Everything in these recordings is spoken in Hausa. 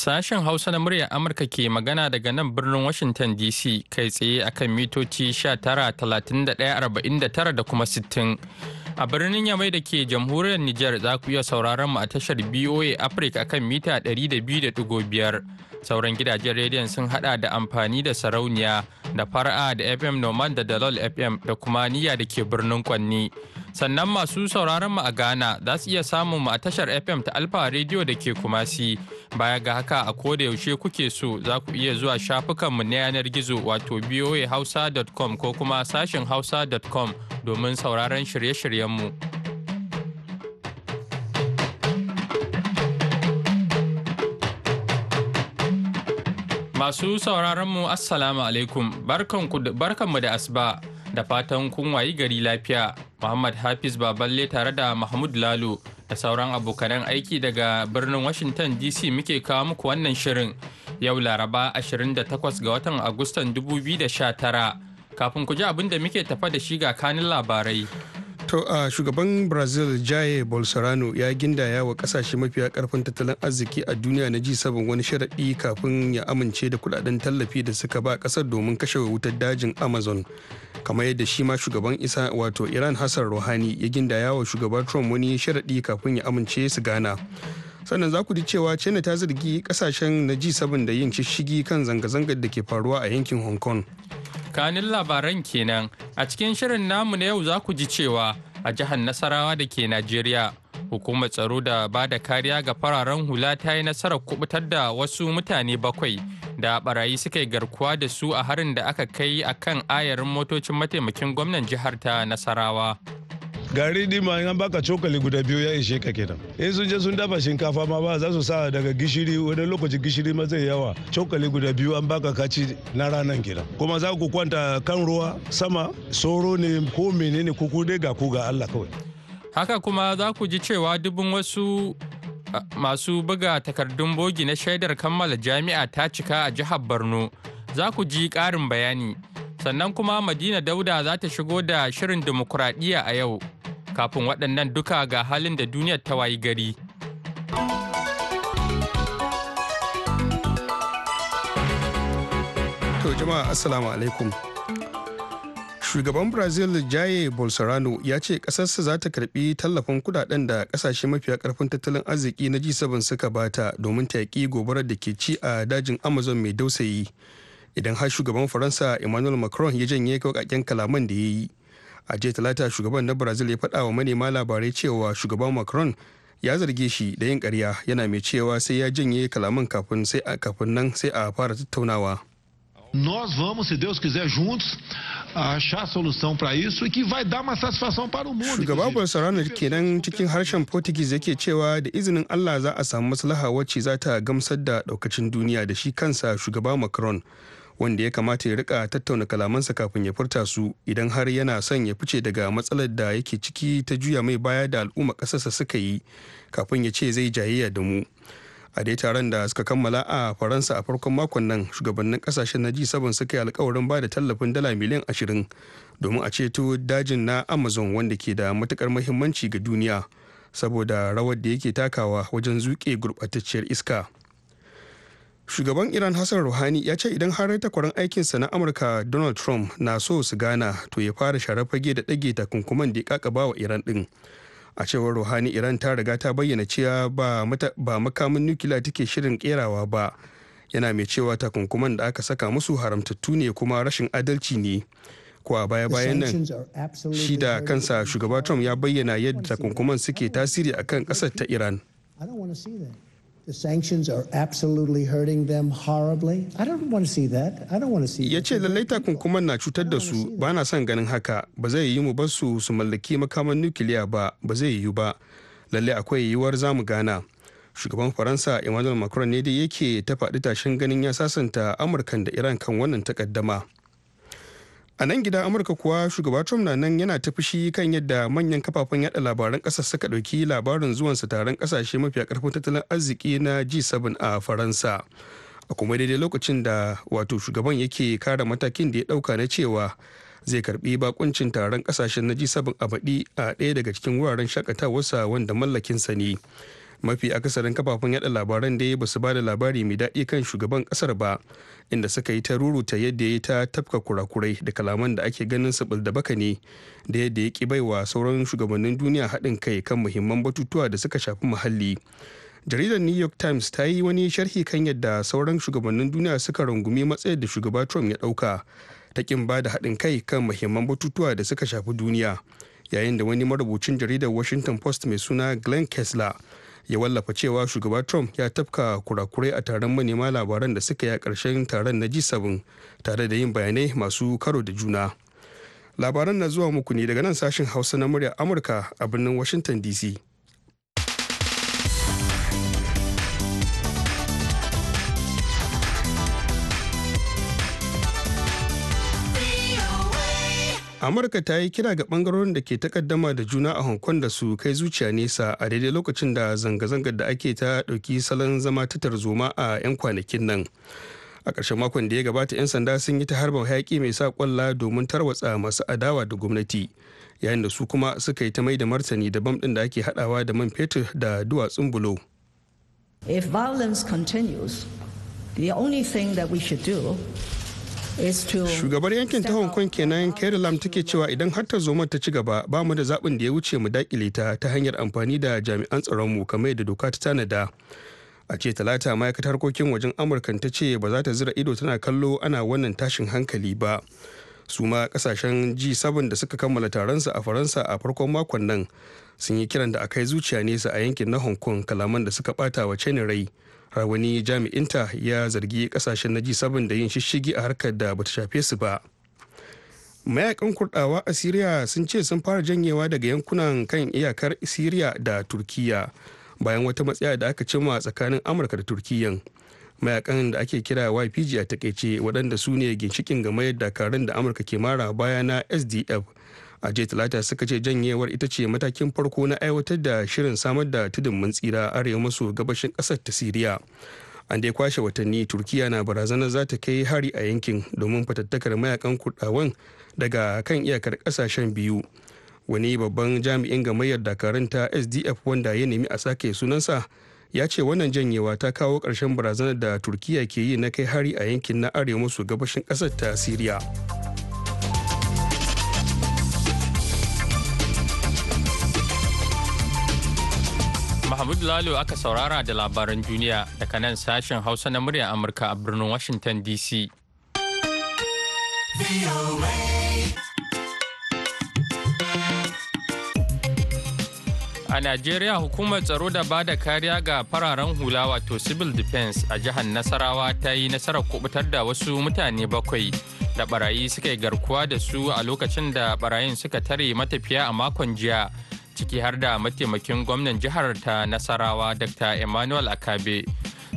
Sashen Hausa na muryar Amurka ke magana daga nan birnin Washington DC kai tsaye akan mitoci 19,31,49 da kuma 60. A birnin Yamai da ke jamhuriyar Nijar za ku iya sauraron mu a tashar BOA Africa akan mita 200.5. Sauran gidajen rediyon sun hada da amfani da sarauniya da fara'a da FM Nomad da Dalol FM da kuma niyya da ke birnin Kwanni. sannan masu sauraron mu a Ghana za su iya samun mu a tashar FM ta Alfa Radio da ke Kumasi. Baya ga haka a koda yaushe kuke so za ku iya zuwa shafukan mu na yanar gizo wato voahausa.com ko kuma sashin hausa.com domin sauraron shirye-shiryen mu. Masu sauraron mu Assalamu alaikum barkanmu da asba. da fatan kun wayi gari lafiya muhammad hafiz baballe tare da mahmud lalo da sauran abokanan aiki daga birnin washington dc muke kawo muku wannan shirin yau laraba 28 ga watan agustan 2019 kafin ku ji abin da muke tafa da shi ga kanin labarai To shugaban Brazil jaye Bolsonaro ya gindaya wa kasashe mafiya karfin tattalin arziki a duniya na ji sabon wani sharaɗi kafin ya amince da kudaden tallafi da suka ba kasar domin kashe wutar dajin Amazon. Kamar yadda shi ma shugaban isa wato Iran Hassan Rouhani ya gindaya wa shugaba Trump wani sharaɗi kafin ya amince su gana. sannan za ku ji cewa china ta zargi kasashen na g7 da yin shishigi kan zanga-zangar da ke faruwa a yankin hong kong kanin labaran kenan a cikin shirin namu na yau za ku ji cewa a jihar nasarawa da ke najeriya hukumar tsaro da ba da kariya ga fararen hula ta yi nasarar kubutar da wasu mutane bakwai da barayi suka yi garkuwa da su a harin da aka kai a kan ayarin motocin mataimakin gwamnan jihar ta nasarawa gari ma an baka cokali guda biyu ya ishe ka kenan in sun je sun dafa shinkafa ma ba za su sa daga gishiri wani lokaci gishiri ma zai yawa cokali guda biyu an baka kaci na ranar kenan kuma za ku kwanta kan ruwa sama soro ne ko menene kuku dai ga ku ga Allah kawai haka kuma za ku ji cewa dubin wasu masu buga takardun bogi na shaidar kammala jami'a ta cika a jihar borno za ku ji ƙarin bayani sannan kuma madina dauda za ta shigo da shirin dimokuraɗiyya a yau kafin waɗannan duka ga halin da duniyar ta wayi gari. To jama'a assalamu alaikum. Shugaban Brazil Jair Bolsonaro ya ce ƙasarsa za ta karbi tallafin kudaden da ƙasashe mafiya ƙarfin tattalin arziki na G7 suka bata domin ta yaƙi gobarar da ke ci a dajin Amazon mai dausayi. Idan har shugaban Faransa Emmanuel Macron ya janye kawakakken kalaman da ya yi. a jiya talata shugaban na brazil ya faɗa wa manema labarai cewa shugaban macron ya zarge shi da yin karya yana mai cewa sai ya janye kalaman kafin sai a kafin nan sai a fara tattaunawa Nós vamos, se Deus quiser, juntos achar solução para isso e que vai dar uma satisfação para o mundo. Shugaba Bolsonaro kenan cikin harshen Portuguese yake cewa da izinin Allah za a samu maslaha wacce za ta gamsar da daukacin duniya da shi kansa shugaba Macron. wanda ya kamata ya rika tattauna kalamansa kafin ya furta su idan har yana son ya fice daga matsalar da yake ciki ta juya mai baya da al'umma kasarsa suka yi kafin ya ce zai jayayya da mu a dai taron da suka kammala a faransa a farkon makon nan shugabannin kasashen na g sabon suka yi alkawarin ba da tallafin dala miliyan ashirin domin a ceto dajin na amazon wanda ke da matukar muhimmanci ga duniya saboda rawar da yake takawa wajen zuke gurɓatacciyar iska shugaban iran hassan ruhani ya ce idan har takwaran aikinsa na amurka donald trump na so su gana to ya fara share fage da dage takunkuman da ya kakaba wa iran din a cewar ruhani iran ta riga ta bayyana cewa ba makamin nukiliya take shirin kerawa ba yana mai cewa takunkuman da aka saka musu haramtattu ne kuma rashin adalci ne ko a baya-bayan nan shi da kansa shugaba trump ya bayyana yadda takunkuman suke tasiri akan kasar ta iran Ya ce lallai takunkuman na cutar da su ba na son ganin haka ba zai yi mu basu su mallaki makaman nukiliya ba ba zai yiwu ba lallai akwai yiwuwar zamu gana. Shugaban Faransa Emmanuel Macron ne dai yake ta faɗi tashin ganin ya sasanta Amurkan da Iran kan wannan takaddama. a nan gida amurka kuwa shugaba trump na nan yana ta fushi kan yadda manyan kafafen yada labaran kasar suka dauki labarin zuwansa taron kasashe mafi karfin tattalin arziki na g7 a faransa a kuma daidai lokacin da wato shugaban yake kara matakin da ya dauka na cewa zai karbi bakuncin taron kasashen na g7 a baɗi a ɗaya daga cikin wuraren shakatawarsa wanda mallakinsa ne mafi akasarin kafafen yada labaran da ba su ba da labari mai daɗi kan shugaban kasar ba inda suka yi ta ruruta yadda ya yi ta tafka kurakurai da kalaman da ake ganin su da baka ne da yadda ya ki baiwa sauran shugabannin duniya haɗin kai kan muhimman batutuwa da suka shafi muhalli jaridar new york times ta yi wani sharhi kan yadda sauran shugabannin duniya suka rungumi matsayar da shugaba trump ya ɗauka ta kin ba da haɗin kai kan muhimman batutuwa da suka shafi duniya yayin da wani marubucin jaridar washington post mai suna glenn kessler ya wallafa cewa shugaba trump ya tafka kurakurai a taron manema labaran da suka yi a ƙarshen taron na g7 tare da yin bayanai masu karo da juna labaran na zuwa muku ne daga nan sashen hausa na murya amurka a birnin washington dc amurka ta yi kira ga bangarorin da ke takaddama da juna a hong kong da su kai zuciya nesa a daidai lokacin da zanga-zangar da ake ta ɗauki salon zama ta tarzoma a 'yan kwanakin nan a ƙarshen makon da ya gabata 'yan sanda sun yi ta harba hayaƙi mai sa ƙwalla domin tarwatsa masu adawa da gwamnati yayin da su kuma suka yi ta mai da martani da bam ɗin da ake haɗawa da man fetur da duwatsun bulo if violence continues the only thing that we should do shugabar yankin ta hong kong kenan kerry lam take cewa idan har ta zo ta ci gaba ba mu da zaɓin da ya wuce mu dakile ta ta hanyar amfani da jami'an tsaronmu kamar da doka ta tanada a ce talata ma'aikatar harkokin wajen amurka ta ce ba za ta zira ido tana kallo ana wannan tashin hankali ba su ma kasashen g7 da suka kammala taronsa a faransa a farkon makon nan sun yi kiran da akai zuciya nesa a yankin na hong kong kalaman da suka bata wa rai har wani jami'inta ya zargi kasashen na g7 da yin shishigi a harkar da bata shafe su ba mayakan kurdawa a syria sun ce sun fara janyewa daga yankunan kan iyakar syria da turkiya bayan wata matsaya da aka cima tsakanin amurka da turkiyan mayakan da ake kira ypg a takaice waɗanda su ne ginshikin game da dakarun da amurka ke mara baya na sdf a jiya talata suka ce janyewar ita ce matakin farko na aiwatar da shirin samar da tudun mun tsira arewa maso gabashin kasar ta siriya an dai kwashe watanni turkiya na barazanar za ta kai hari a yankin domin fatattakar mayakan kurɗawan daga kan iyakar kasashen biyu wani babban jami'in gamayyar dakarun ta sdf wanda ya nemi a sake sunansa ya ce wannan janyewa ta kawo karshen barazanar da turkiya ke yi na kai hari a yankin na arewa maso gabashin kasar ta siriya hamidu Lalo aka saurara da labaran duniya daga nan sashen Hausa na muryar Amurka a birnin Washington DC. A Najeriya hukumar tsaro da ba da kariya ga fararen hula wato civil defense a jihar Nasarawa ta yi nasarar kubutar da wasu mutane bakwai da barayi suka yi garkuwa da su a lokacin da barayin suka tare matafiya a makon jiya. ciki har da mataimakin gwamnan jihar ta nasarawa dr emmanuel akabe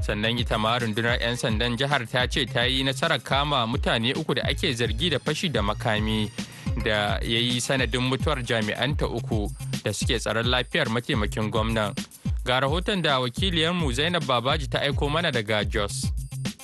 sannan ita ma rundunar 'yan sandan jihar ta ce ta yi nasarar kama mutane uku da ake zargi da fashi da makami da ya yi sanadin mutuwar jami'anta uku da suke tsaron lafiyar mataimakin gwamnan ga rahoton da wakiliyarmu zainab babaji ta aiko mana daga jos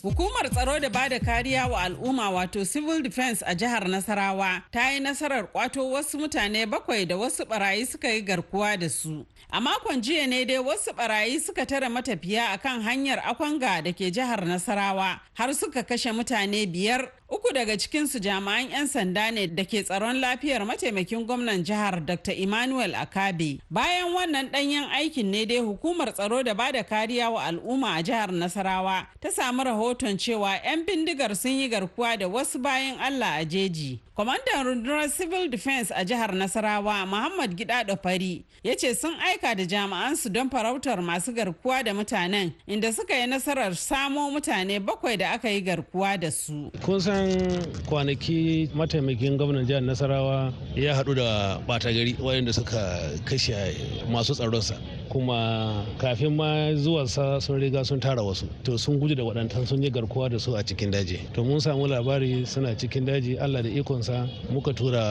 Hukumar tsaro da bada kariya wa al'umma wato civil defense a jihar Nasarawa ta yi nasarar kwato wasu mutane bakwai da wasu barayi suka yi garkuwa da su. A makon jiya ne dai wasu barayi suka tare matafiya akan hanyar Akwanga da ke jihar Nasarawa har suka kashe mutane biyar Uku daga cikinsu jami'an 'yan sanda ne da ke tsaron lafiyar mataimakin gwamnan jihar Dr. Emmanuel Akabe. Bayan wannan ɗanyen aikin ne dai hukumar tsaro da ba da kariya wa al'umma a jihar Nasarawa ta samu rahoton cewa 'yan bindigar sun yi garkuwa da wasu bayan Allah a jeji. Kwamandan rundunar Civil Defense a jihar Nasarawa Muhammad Gidado Fari ya ce sun aika da jami'ansu don farautar masu garkuwa da mutanen inda suka yi nasarar samo mutane bakwai da aka yi garkuwa da su. bayan kwanaki mataimakin gwamnan jihar nasarawa ya haɗu da ɓata gari wayanda suka kashe masu tsaronsa kuma kafin ma zuwansa sun riga sun tara wasu to sun guji da waɗantan sun yi garkuwa da su a cikin daji to mun samu labari suna cikin daji allah da ikonsa muka tura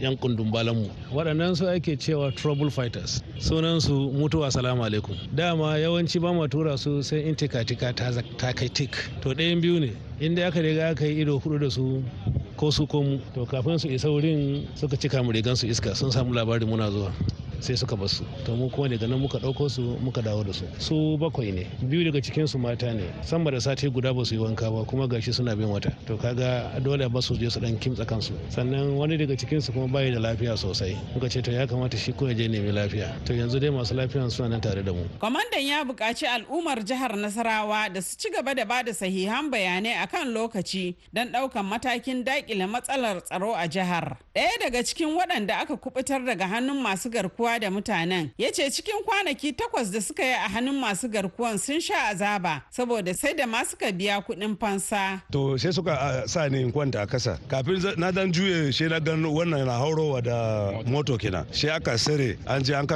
yan kundun balanmu waɗannan su ake cewa trouble fighters sunan su mutuwa salamu alaikum dama yawanci ba ma tura su sai in tika tika ta kai tik to ɗayan biyu ne inda aka riga aka yi ido hudu da su ko su ko to kafin su isa wurin suka cika mu rigan su iska sun samu labari muna zuwa sai suka bar su to mu kuma daga nan muka ɗauko su muka dawo da su su bakwai ne biyu daga cikin su mata ne sama da sati guda ba su yi wanka ba kuma gashi suna bin wata to kaga dole ba su je su dan kimtsa kansu sannan wani daga cikin su kuma bai da lafiya sosai muka ce to ya kamata shi ko ya je nemi lafiya to yanzu dai masu lafiyan suna nan tare da mu kwamandan ya buƙaci al'ummar jihar Nasarawa da su ci gaba da bada sahihan bayanai akan lokaci don ɗaukan matakin daƙile matsalar tsaro a jihar ɗaya daga cikin waɗanda aka kubutar daga hannun masu garkuwa garkuwa da mutanen ya ce cikin kwanaki takwas da suka yi a hannun masu garkuwan sun sha azaba saboda sai da ma suka biya kuɗin fansa. to sai suka sa ni in kwanta a kasa kafin na dan juye shi na gano wannan na haurowa da moto kenan shi aka sare an je an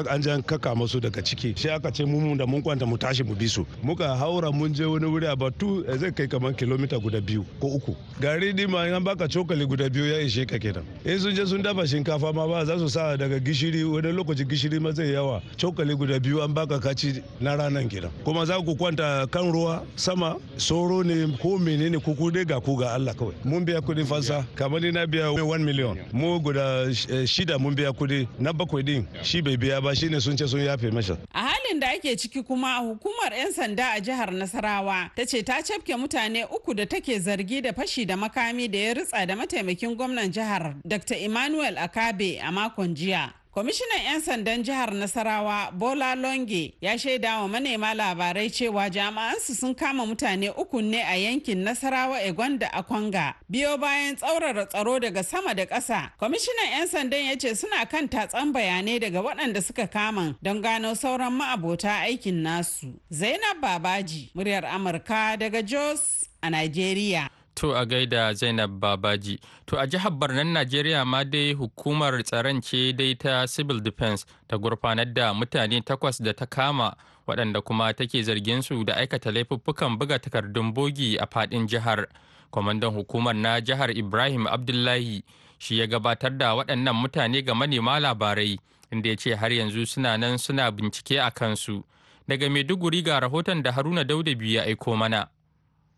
kaka musu daga ciki shi aka ce mu da mun kwanta mu tashi mu bi su muka haura mun je wani wuri a batu eh, zai kai kamar kilomita guda biyu ko uku gari di ma an baka cokali guda biyu ya ishe ka kenan in sun je sun dafa shinkafa ma ba za su sa daga gishiri wani lokaci gishiri ma zai yawa cokali guda biyu an baka kaci na ranar kenan kuma za ku kwanta kan ruwa sama soro ne ko menene ku dai ga ku ga Allah kawai mun biya kudi fansa kamar ni na biya 1 million mu guda eh, shida mun biya kuɗi na bakwai din shi bai biya ba shine sun ce sun yafe masa a halin da ake ciki kuma hukumar 'yan sanda a jihar Nasarawa ta ce ta cafke mutane uku da take zargi da fashi da makami da ya ritsa da mataimakin gwamnan jihar Dr. Emmanuel Akabe a makon jiya. Kwamishinan 'yan sandan jihar Nasarawa Bola Longe ya shaida wa manema labarai cewa jami'ansu sun kama mutane uku ne a yankin Nasarawa Egon da Akwanga. Biyo bayan tsaurara tsaro daga sama da ƙasa, kwamishinan 'yan sandan ya ce suna kan tatsan bayanai daga waɗanda suka kama don gano sauran ma'abota aikin nasu. Zainab Babaji, muryar Amurka daga Jos a Najeriya. To a gaida Zainab Babaji. To a jihar Barnan Najeriya ma dai hukumar tsaron ce dai ta Civil Defense ta gurfanar da mutane takwas da ta kama waɗanda kuma take zargin su da aikata laifuffukan buga takardun bogi a fadin jihar. Kwamandan hukumar na jihar Ibrahim Abdullahi shi ya gabatar da waɗannan mutane ga manema labarai inda ya ce har yanzu suna nan suna bincike a kansu. Daga Maiduguri ga rahoton da Haruna Daudabi ya aiko mana.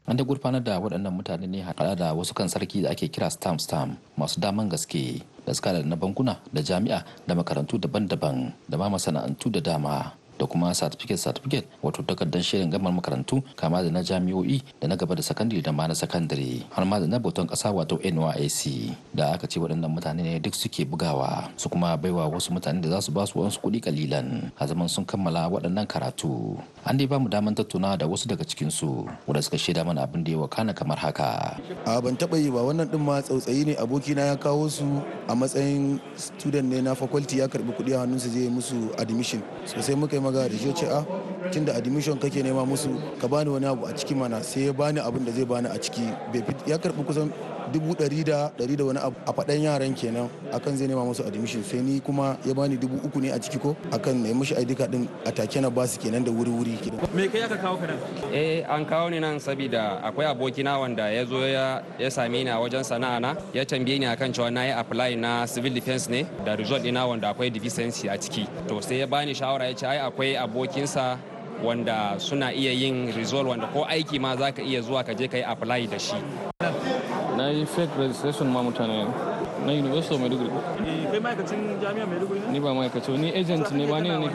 an da gurfanar da waɗannan mutane ne haɗa da wasu kan sarki da ake kira stamp stamp masu daman gaske da suka na bankuna da jami'a da makarantu daban-daban da ma masana'antu da dama da kuma certificate certificate wato takardar shirin gamar makarantu kama da na jami'o'i da na gaba da sakandare da ma na sakandare har ma da na bautan kasa wato NYSC da aka ce waɗannan mutane ne duk suke bugawa su kuma baiwa wasu mutane da za su ba su wasu kuɗi kalilan a zaman sun kammala waɗannan karatu an dai ba mu daman tattauna da wasu daga cikin su wanda suka shaida mana abin da ya wakana kamar haka a ban taɓa yi ba wannan din ma tsautsayi ne abokina ya kawo su a matsayin student ne na faculty ya karbi kuɗi a su zai musu admission sosai muka yi magana da shi ce a ah, tun da admission kake nema musu ka bani wani abu a ciki mana sai ya bani abin da zai bani a ciki ya karbi kusan dubu ɗari da ɗari da wani abu a faɗan yaran kenan akan zai nema musu admission sai ni kuma ya bani dubu uku ne a ciki ko akan na mishi ID card din a take na basu kenan da wuri wuri kenan me kai aka kawo ka eh an kawo ni nan saboda akwai abokina wanda ya zo ya ya same ni a wajen sana'a na ya tambaye ni akan cewa na yi apply na civil defense ne da result ina wanda akwai deficiency a ciki to sai ya bani shawara ya ce ai akwai abokinsa wanda suna iya yin rizol wanda ko aiki ma za ka iya zuwa ka je ka yi apply da shi na yi fake registration ma mutane na university of maiduguri eh, kai ma'aikacin jami'ar maiduguri ne ni ba ma'aikaci ni agent ne ba ne ne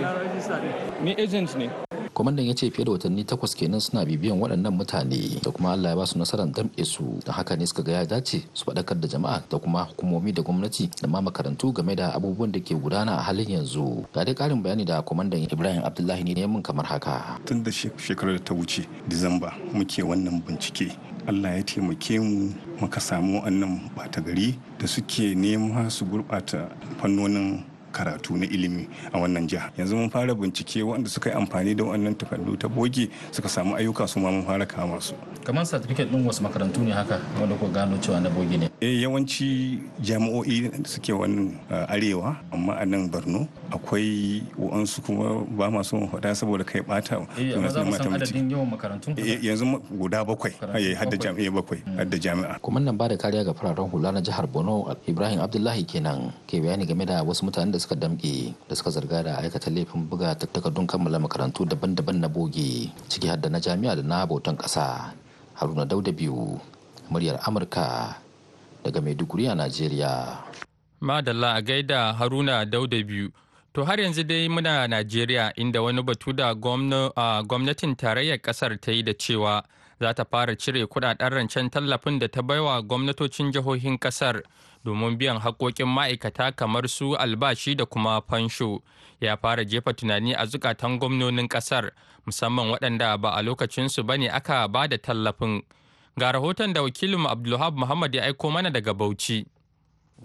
ni agent ne kwamandan ya ce fiye da watanni takwas kenan suna bibiyan waɗannan mutane da kuma allah ya ba su nasarar damƙe su da haka ne suka ga ya dace su faɗakar da jama'a da kuma hukumomi da gwamnati da ma makarantu game da abubuwan da ke gudana a halin yanzu ga dai ƙarin bayani da kwamandan ibrahim abdullahi ne mun kamar haka tun da shekarar da ta wuce disamba muke wannan bincike allah ya taimake mu muka samu wannan bata gari da suke nema su gurɓata fannonin karatu na ilimi a wannan jiha yanzu mun fara bincike waɗanda suka yi amfani da wannan takardu ta bogi suka samu ayyuka su ma mun fara kama su kamar certificate din wasu makarantu ne haka wanda ko gano cewa na bogi ne eh yawanci jami'o'i suke wannan eh, arewa amma a nan Borno akwai wa'ansu kuma ba ma so faɗa saboda kai bata eh, eh, yanzu guda bakwai hmm. hadda jami'a bakwai hadda jami'a kuma nan ba da kariya ga fararen hula na jihar Borno Ibrahim Abdullahi kenan ke bayani game da wasu mutanen da suka damƙe da suka zarga da aikata laifin buga takardun kammala makarantu daban-daban na boge ciki har da na jami'a da na bautan ƙasa haruna dauda biyu muryar amurka daga maiduguri a najeriya madalla a gaida haruna dauda biyu To har yanzu dai muna Najeriya inda wani batu da gwamnatin tarayyar kasar ta yi da cewa za ta fara cire kudaden rancen tallafin da ta baiwa gwamnatocin jihohin kasar domin biyan haƙoƙin ma'aikata kamar su albashi da kuma fansho ya fara jefa tunani a zukatan gwamnonin kasar musamman waɗanda ba a lokacinsu ba ne aka ba da tallafin ga rahoton da wakilin abdulhab muhammad ya aiko mana daga bauchi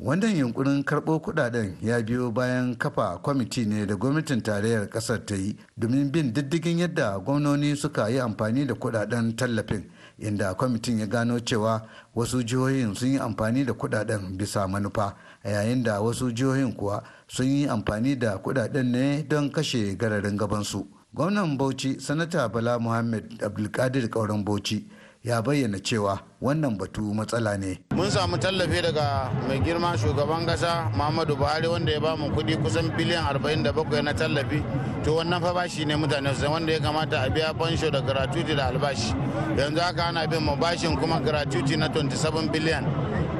wannan yunkurin karɓo kuɗaɗen ya biyo bayan kafa kwamiti ne da gwamnatin tarayyar ƙasar ta yi domin bin diddigin yadda gwamnoni suka yi amfani da kuɗaɗen tallafin inda kwamitin ya gano cewa wasu jihohin sun yi amfani da kuɗaɗen bisa manufa yayin da wasu jihohin kuwa sun yi amfani da kudaden ne don kashe gararin gabansu gwamnan bauchi sanata bala muhammad abdulkadir kauran bauchi ya bayyana cewa wannan batu matsala ne. Mun samu tallafi daga mai girma shugaban kasa Muhammadu Buhari wanda ya ba mu kuɗi kusan biliyan 47 na tallafi. To wannan fa bashi ne mutane su wanda ya kamata a biya fansho da gratuity da albashi. Yanzu haka ana bin mu bashin kuma gratuity na 27 biliyan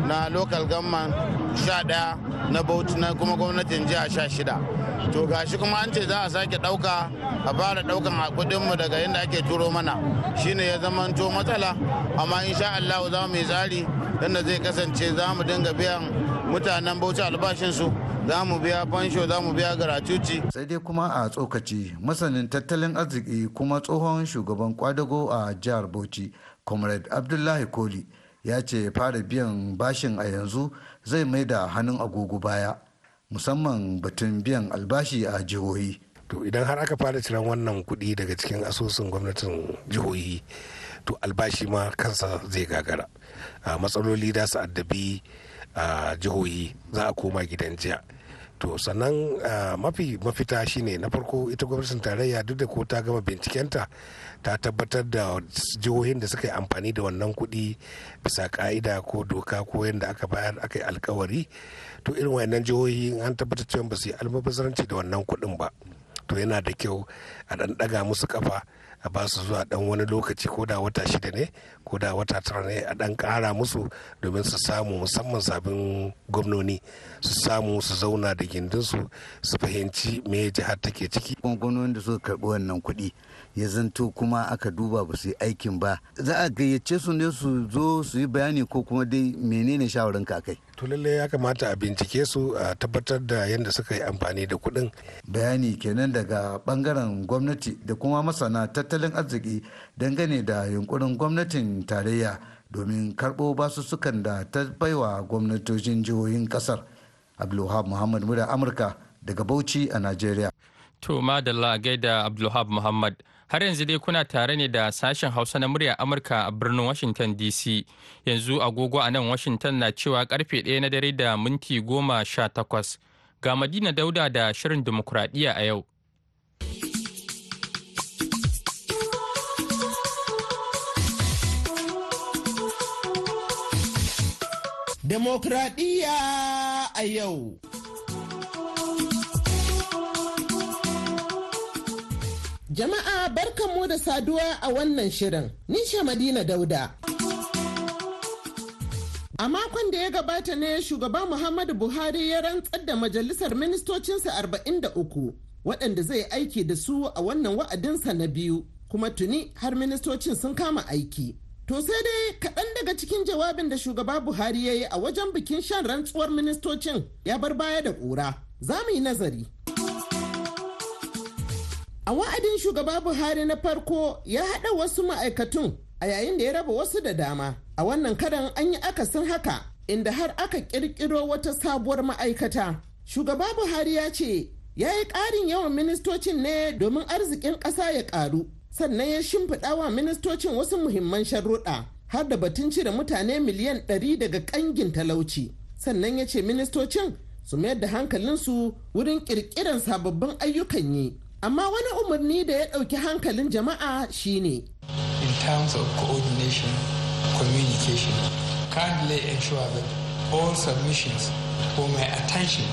na local government sha ɗaya na bauchi na kuma gwamnatin jiha sha shida to gashi kuma an ce za a sake ɗauka a fara ɗaukan mu daga yadda ake turo mana shine ya zamanto matsala amma insha Allah za mu yi tsari yadda zai kasance za mu dinga biyan mutanen bauchi albashinsu za mu biya fansho za mu biya garatuci. sai dai kuma a tsokaci masanin tattalin arziki kuma tsohon shugaban kwadago a jihar bauchi comrade abdullahi koli ya ce fara biyan bashin a yanzu zai mai da hannun agogo baya musamman batun biyan albashi a jihohi to idan har aka fara ciran wannan kuɗi daga cikin asusun gwamnatin jihohi to albashi ma kansa zai gagara matsaloli da su addabi a jihohi za a koma gidan jiya to sannan ah, mafi mafita shine na farko ita gwamnatin tarayya duk da ko ta gama bincikenta ta tabbatar da jihohin da suka yi amfani da wannan kuɗi bisa ka'ida ko doka ko yadda aka bayar aka yi alkawari to irin wayannan jihohi an tabbatar cewa ba su yi almubazaranci da wannan kuɗin ba to yana da kyau a ɗanɗaga musu kafa a ba su zuwa dan wani lokaci ko da wata shida ne ko da wata tara ne a dan kara musu domin su samu musamman sabin gwamnoni su samu su zauna da gindinsu su fahimci me jihar take ciki gwamnonin da suka karbi wannan kuɗi ya zanto kuma aka duba ba su yi aikin ba za a gayyace su ne su zo su yi bayani ko kuma dai menene ka kai to lalle ya kamata a bincike su a tabbatar da yadda suka yi amfani da kuɗin. bayani kenan daga bangaren gwamnati da kuma masana tattalin arziki dangane da yunkurin gwamnatin tarayya domin karɓo basussukan da ta baiwa gwamnatocin jihohin ƙasar abdulwahab muhammad muda amurka daga bauchi a najeriya to madalla gaida abdulwahab muhammad Har yanzu dai kuna tare ne da sashen Hausa na murya Amurka a birnin Washington DC. Yanzu agogo a nan Washington na cewa karfe ɗaya na dare da minti goma sha takwas. Ga Madina Dauda da Shirin Dimokuraɗiyya a yau. Demokradiyya a yau. Jama'a barkanmu da saduwa a wannan shirin. Nisha Madina Dauda. A makon da ya gabata ne shugaba Muhammadu Buhari ya rantsar da majalisar ministocinsa 43 waɗanda zai aiki da su a wannan wa'adinsa na biyu kuma tuni har ministocin sun kama aiki. To sai dai kaɗan daga cikin jawabin da shugaba Buhari ya yi a wajen bikin shan rantsuwar ministocin ya bar baya da ƙura. Za mu yi nazari. A wa'adin shugaba Buhari na farko ya haɗa wasu ma'aikatun a yayin da ya raba wasu da dama. A wannan karan an yi akasin haka inda har aka ƙirƙiro wata sabuwar ma'aikata. Shugaba Buhari ya ce ya yi ƙarin yawan ministocin ne domin arzikin ƙasa ya ƙaru. Sannan ya shimfiɗa wa ministocin wasu muhimman sharruɗa har da batun cire mutane miliyan ɗari daga ƙangin talauci. Sannan ya ce ministocin su mayar da hankalinsu wurin ƙirƙiran sababbin ayyukan yi. amma wani umarni da ya ɗauki hankalin jama'a shine in terms of coordination communication kindly ensure that all submissions for my attention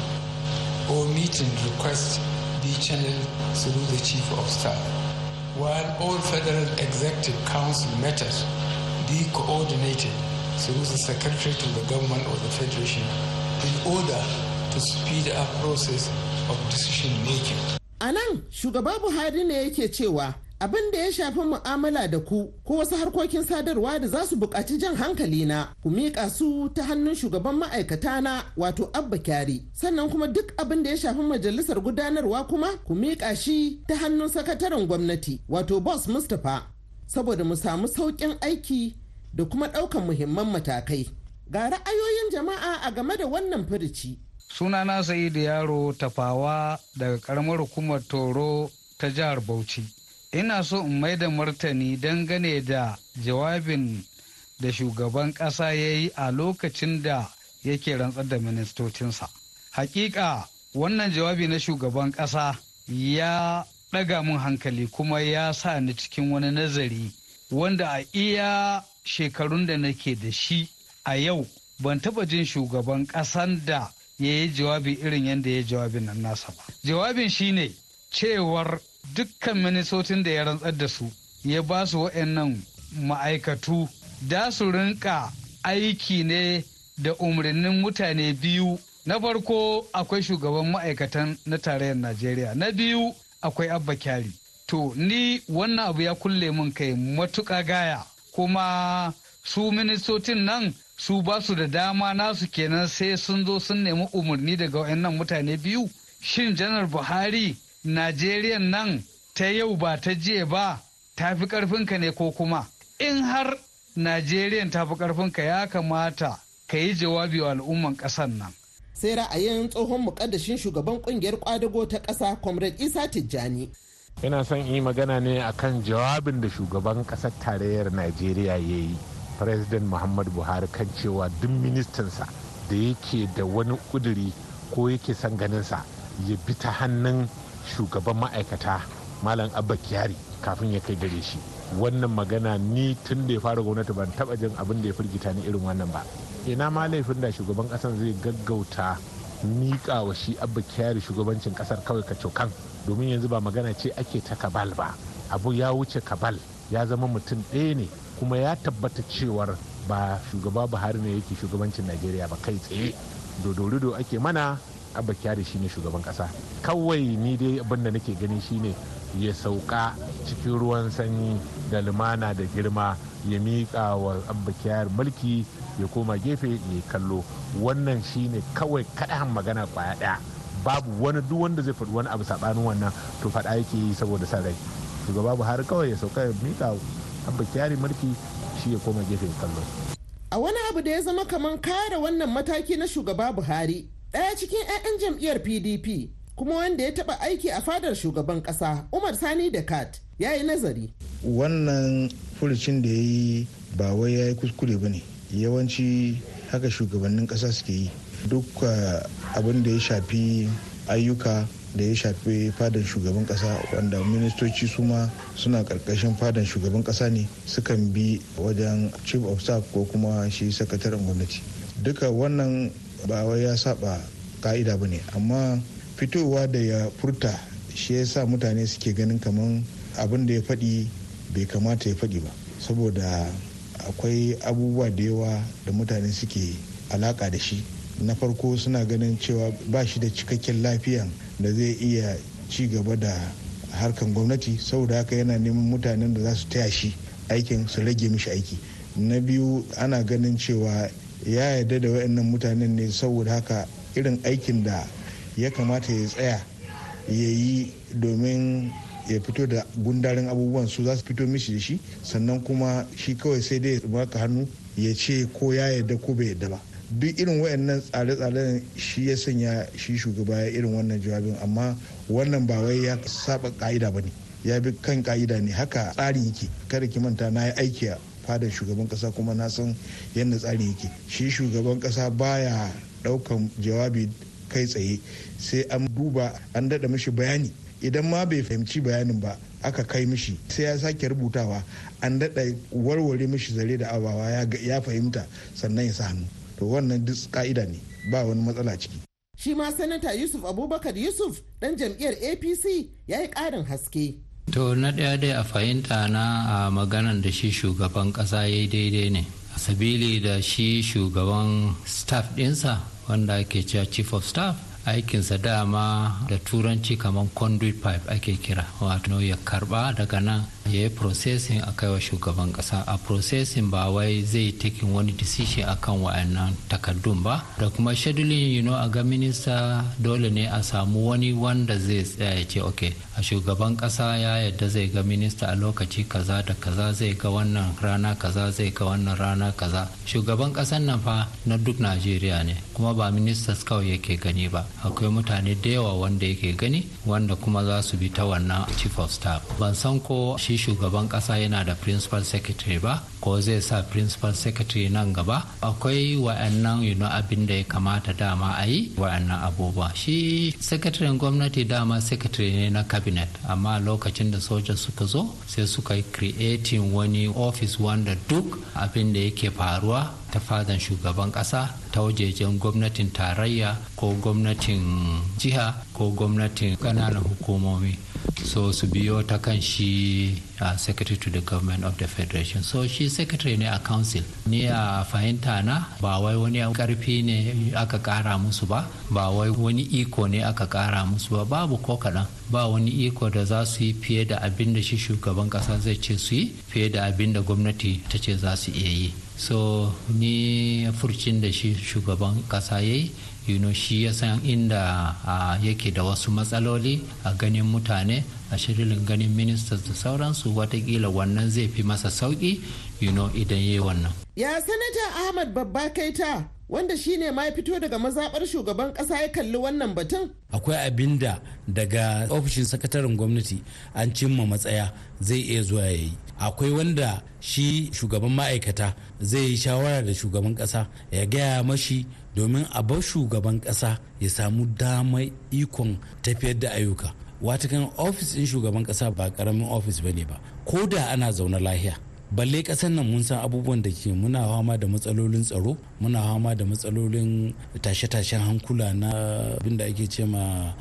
or meeting requests be channeled through the chief of staff while all federal executive council matters be coordinated through the secretary to the government or the federation in order to speed up process of decision making a nan shugaba buhari ne yake cewa abin da ya shafi mu'amala da ku ko wasu harkokin sadarwa da za su buƙaci jan hankali na ku miƙa su ta hannun shugaban ma'aikata na wato abba kyari sannan kuma duk abin da ya shafi majalisar gudanarwa kuma ku miƙa shi ta hannun sakataren gwamnati wato boss mustapha saboda mu samu sauƙin aiki da kuma ɗaukan muhimman matakai ga ra'ayoyin jama'a a game da wannan firici sunana sa'idu yaro tafawa daga karamar hukumar toro ta jihar bauchi ina so in mai da martani dangane da jawabin da shugaban ƙasa ya yi a lokacin da yake rantsar da ministocinsa hakika wannan jawabi na shugaban ƙasa ya ɗaga mun hankali kuma ya sa ni cikin wani nazari wanda a iya shekarun da nake da shi a yau ban taɓa jin shugaban ƙasan da ya yi jawabi irin yadda ya jawabin nan nasa ba jawabin shi ne cewar dukkan ministocin da ya rantsar da su ya ba su wa'annan ma'aikatu da su rinka aiki ne da umarnin mutane biyu na farko akwai shugaban ma'aikatan na tarayyar najeriya na biyu akwai abba kyari to ni wannan abu ya kulle mun kai matuƙa gaya kuma su ministocin nan su ba su da dama nasu kenan sai sun zo sun nemi umarni daga wayannan mutane biyu shin janar buhari najeriya nan ta yau ba ta jiya ba ta fi karfinka ne ko kuma in har najeriya ta fi karfinka ya kamata ka yi jawabi wa al'umman ƙasar nan sai ra'ayin tsohon mukaddashin shugaban ƙungiyar kwadago ta ƙasa comrade isa tijjani ina son yi magana ne akan jawabin da shugaban ƙasar tarayyar najeriya ya yi president muhammadu buhari kan cewa duk ministansa da yake da wani kuduri ko yake son ganinsa ya bi ta hannun shugaban ma'aikata malam abba kyari kafin ya kai gare shi wannan magana ni tun da ya fara gwamnati ban taba jin abin da ya firgita ni irin wannan ba ina ma laifin da shugaban kasan zai gaggauta miƙa wa shi abba kyari shugabancin kasar kawai ka cokan domin yanzu ba magana ce ake ta kabal ba abu ya wuce kabal ya zama mutum ɗaya ne kuma ya tabbata cewar ba shugaba buhari ne yake shugabancin najeriya ba kai tsaye dodorido ake mana abba kyari ne shugaban kasa kawai ni dai abin da nake gani shine ya sauka cikin ruwan sanyi da lumana da girma ya miƙa wa abba kyari mulki ya koma gefe ya kallo wannan shine kawai kaɗan magana kwaya ɗaya babu wani duk wanda zai faɗi wani abu saɓanin wannan to faɗa yake yi saboda sa rai shugaba buhari kawai ya sauka ya mika abu kyari mulki shi ya koma gefen kallo a wani abu da ya zama kamar kare wannan mataki na shugaba buhari daya cikin 'ya'yan jam'iyyar pdp kuma wanda ya taba aiki a fadar shugaban kasa umar sani da kat ya yi nazari wannan furucin da ya yi ba wai ya yi kuskure ba ne yawanci haka shugabannin ƙasa suke yi duk ah, abin da ya shafi ayyuka da ya shafi fadan shugaban kasa wanda ministoci su ma suna karkashin fadan shugaban kasa ne sukan bi wajen chief of staff ko kuma shi sakataren gwamnati duka wannan ba wai ya saba ka'ida ba ne amma fitowa da ya furta shi ya sa mutane suke ganin kamar abin da ya faɗi bai kamata ya faɗi ba saboda akwai abubuwa da yawa da mutane suke alaka da shi na farko suna ganin cewa ba shi da cikakken lafiyan da zai iya ci gaba da harkan gwamnati saboda haka yana neman mutanen da za su taya shi aikin su rage mishi aiki na biyu ana ganin cewa ya yarda da waɗannan mutanen ne saboda haka irin aikin da ya kamata ya tsaya ya yi domin ya fito da gundarin abubuwan su za su fito mishi da shi sannan kuma shi kawai sai dai ya baka hannu ya ce ko ya yarda ko bai yarda ba duk irin wayannan tsare-tsaren shi ya sanya shi shugaba ya irin wannan jawabin amma wannan ba wai ya saba ka'ida ba ne ya bi kan ka'ida ne haka tsarin yake kada ki manta na yi aiki a fadar shugaban kasa kuma na san yadda tsarin yake shi shugaban kasa baya daukan jawabi kai tsaye sai an duba an daɗa mishi bayani idan ma bai fahimci bayanin ba aka kai mishi sai ya sake rubutawa an daɗa warware mishi zare da abawa ya fahimta sannan ya sa hannu to wannan duk ka'ida ne ba wani matsala ciki shi ma sanata yusuf abubakar yusuf dan jam'iyyar apc ya yi ƙarin haske to na ɗaya dai a fahimta na a maganan da shi shugaban ƙasa ya yi daidai ne a sabili da shi shugaban staff ɗinsa wanda ake cewa chief of staff aikinsa dama da turanci kamar conduit pipe ake kira wato ya karba daga nan ya yi processing a kaiwa shugaban kasa a processing ba wai zai taking wani decision akan wa'annan takardun ba da kuma scheduling you a ga minista dole ne a samu wani wanda zai tsaya ya ce ok a shugaban kasa ya yadda zai ga minista a lokaci kaza da kaza zai ga wannan rana kaza zai ga wannan rana kaza shugaban kasan nan fa na duk najeriya ne kuma ba minista kawai yake gani ba akwai mutane da yawa wanda yake gani wanda kuma za su bi ta wannan chief of staff ban san ko shi shi shugaban kasa yana da principal secretary ba ko zai sa principal secretary nan gaba akwai wa'annan you know, abin da ya kamata dama a yi wa'annan abubuwa shi sakataren gwamnati dama secretary ne na cabinet amma lokacin da soja suka zo sai suka yi creating wani office wanda duk abin da yake faruwa ta fadan shugaban kasa ta wajejen gwamnatin tarayya ko gwamnatin jiha ko gwamnatin ƙananan hukumomi so su biyo ta kan shi a uh, secretary to the government of the federation so shi secretary ne a council ni a fahimta na ba wai wani karfi ne aka kara musu ba ba wai wani iko ne aka kara musu ba babu ko kaɗan ba wani iko da za su yi fiye da abin da shi shugaban ƙasa zai ce su yi fiye da abin da gwamnati ta ce za su iya yi so ni furcin da shi shugaban ƙasa ya yi you know, shi ya san inda yake da wasu matsaloli a ganin mutane a shirin ganin ministers da sauransu watakila wannan zai fi masa sauki you know, idan yi wannan ya sanata ahmad babba kaita wanda shine ma ya fito daga mazabar shugaban kasa ya kalli wannan batun akwai abinda daga ofishin sakataren gwamnati an cimma matsaya zai iya zuwa ya yi akwai wanda shi shugaban ma'aikata zai yi shawara da shugaban kasa ya gaya mashi domin a bar shugaban kasa ya samu dama ikon tafiyar da ayyuka watakan ofis ɗin shugaban kasa ba karamin ofis ba ne ba ko da ana zaune lahiya balle kasar nan mun san abubuwan da ke muna fama da matsalolin tsaro muna fama da matsalolin tashe-tashen hankula na abinda ake ce ma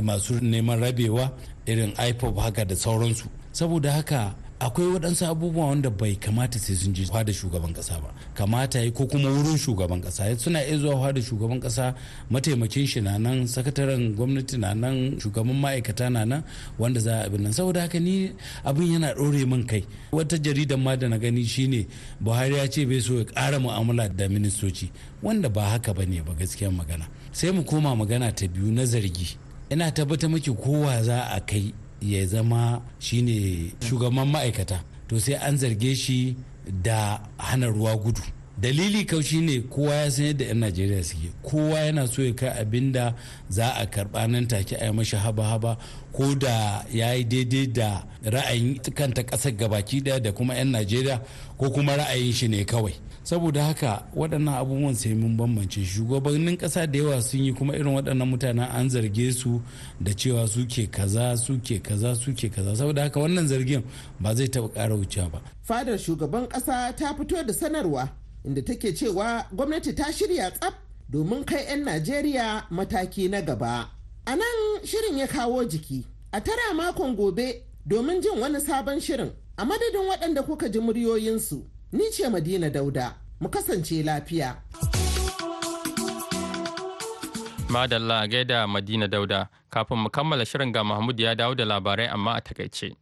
masu neman rabewa irin ipop haka da sauransu saboda haka akwai waɗansu abubuwa wanda bai kamata sai sun je da shugaban kasa ba kamata yi ko kuma wurin shugaban kasa suna iya zuwa da shugaban kasa mataimakin shi na nan sakataren gwamnati na nan shugaban ma'aikata na nan wanda za a nan saboda haka ni abin yana ɗore min kai wata jaridar ma da na gani shine buhari ya ce bai so ya ƙara mu'amala da ministoci wanda ba haka ba ne ba gaskiya magana sai mu koma magana ta biyu na zargi ina tabbata miki kowa za a kai ya zama shine shugaban ma'aikata to sai an zarge shi da hana ruwa gudu dalili kau shine kowa ya san yadda 'yan najeriya suke kowa yana so ya kai abin da za a karba nan take a yi mashi haba-haba ko da ya yi daidai da ra'ayin kanta ƙasar gabaki daya da kuma 'yan najeriya ko kuma ra'ayin shi ne kawai saboda haka waɗannan abubuwan sai mun bambance shugabannin ƙasa da yawa sun yi kuma irin waɗannan mutanen an zarge su da cewa suke kaza suke kaza suke kaza saboda haka wannan zargin ba zai taɓa ƙara wuce ba fadar shugaban ƙasa ta fito da sanarwa inda take cewa gwamnati ta shirya tsaf domin kai 'yan najeriya mataki na gaba a nan shirin ya kawo jiki a tara makon gobe domin jin wani sabon shirin a madadin waɗanda kuka ji muryoyinsu Ni ce Madina Dauda, mu kasance lafiya. Madalla gaida Madina Dauda, kafin mu kammala shirin ga Mahmud ya dawo da labarai amma a takaice.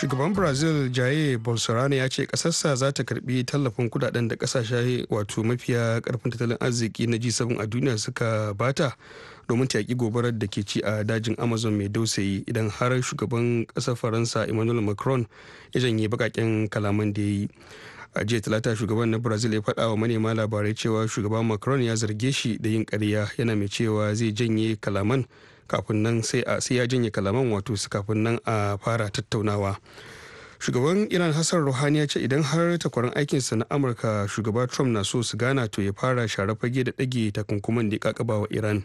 Shugaban Brazil Jair Bolsonaro ya ce kasarsa za ta karbi tallafin kudaden da kasashe wato mafiya karfin tattalin arziki na G7 a duniya suka bata domin ta yaƙi gobarar da ke ci a dajin amazon mai dausayi idan har shugaban ƙasar faransa emmanuel macron ya janye bakaken kalaman da ya yi a jiya talata shugaban na brazil ya faɗa wa manema labarai cewa shugaban macron ya zarge shi da yin karya yana mai cewa zai janye kalaman kafin nan sai ya janye kalaman wato kafin nan a fara tattaunawa shugaban iran hassan ruhani ya ce idan har takwarar aikinsa na amurka shugaba trump na so su gana to ya fara share fage da ɗage takunkuman da ya kakaba wa iran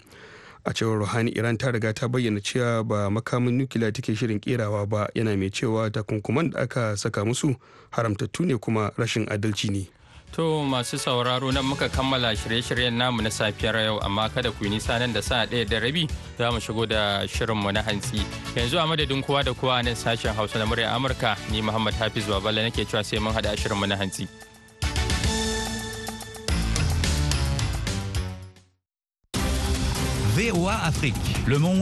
a cewar ruhani iran ta riga ta bayyana cewa ba makamin nukiliya take shirin kerawa ba yana mai cewa takunkuman da aka saka musu haramtattu ne kuma rashin adalci ne to masu sauraro nan muka kammala shirye-shiryen namu na safiyar yau amma kada ku yi nisa nan da sa ɗaya da rabi za mu shigo da shirinmu na hantsi yanzu a madadin kowa da kowa nan sashen hausa na murya amurka ni muhammad hafiz babala nake cewa sai mun haɗa shirinmu na hantsi VOA Afrique. Le monde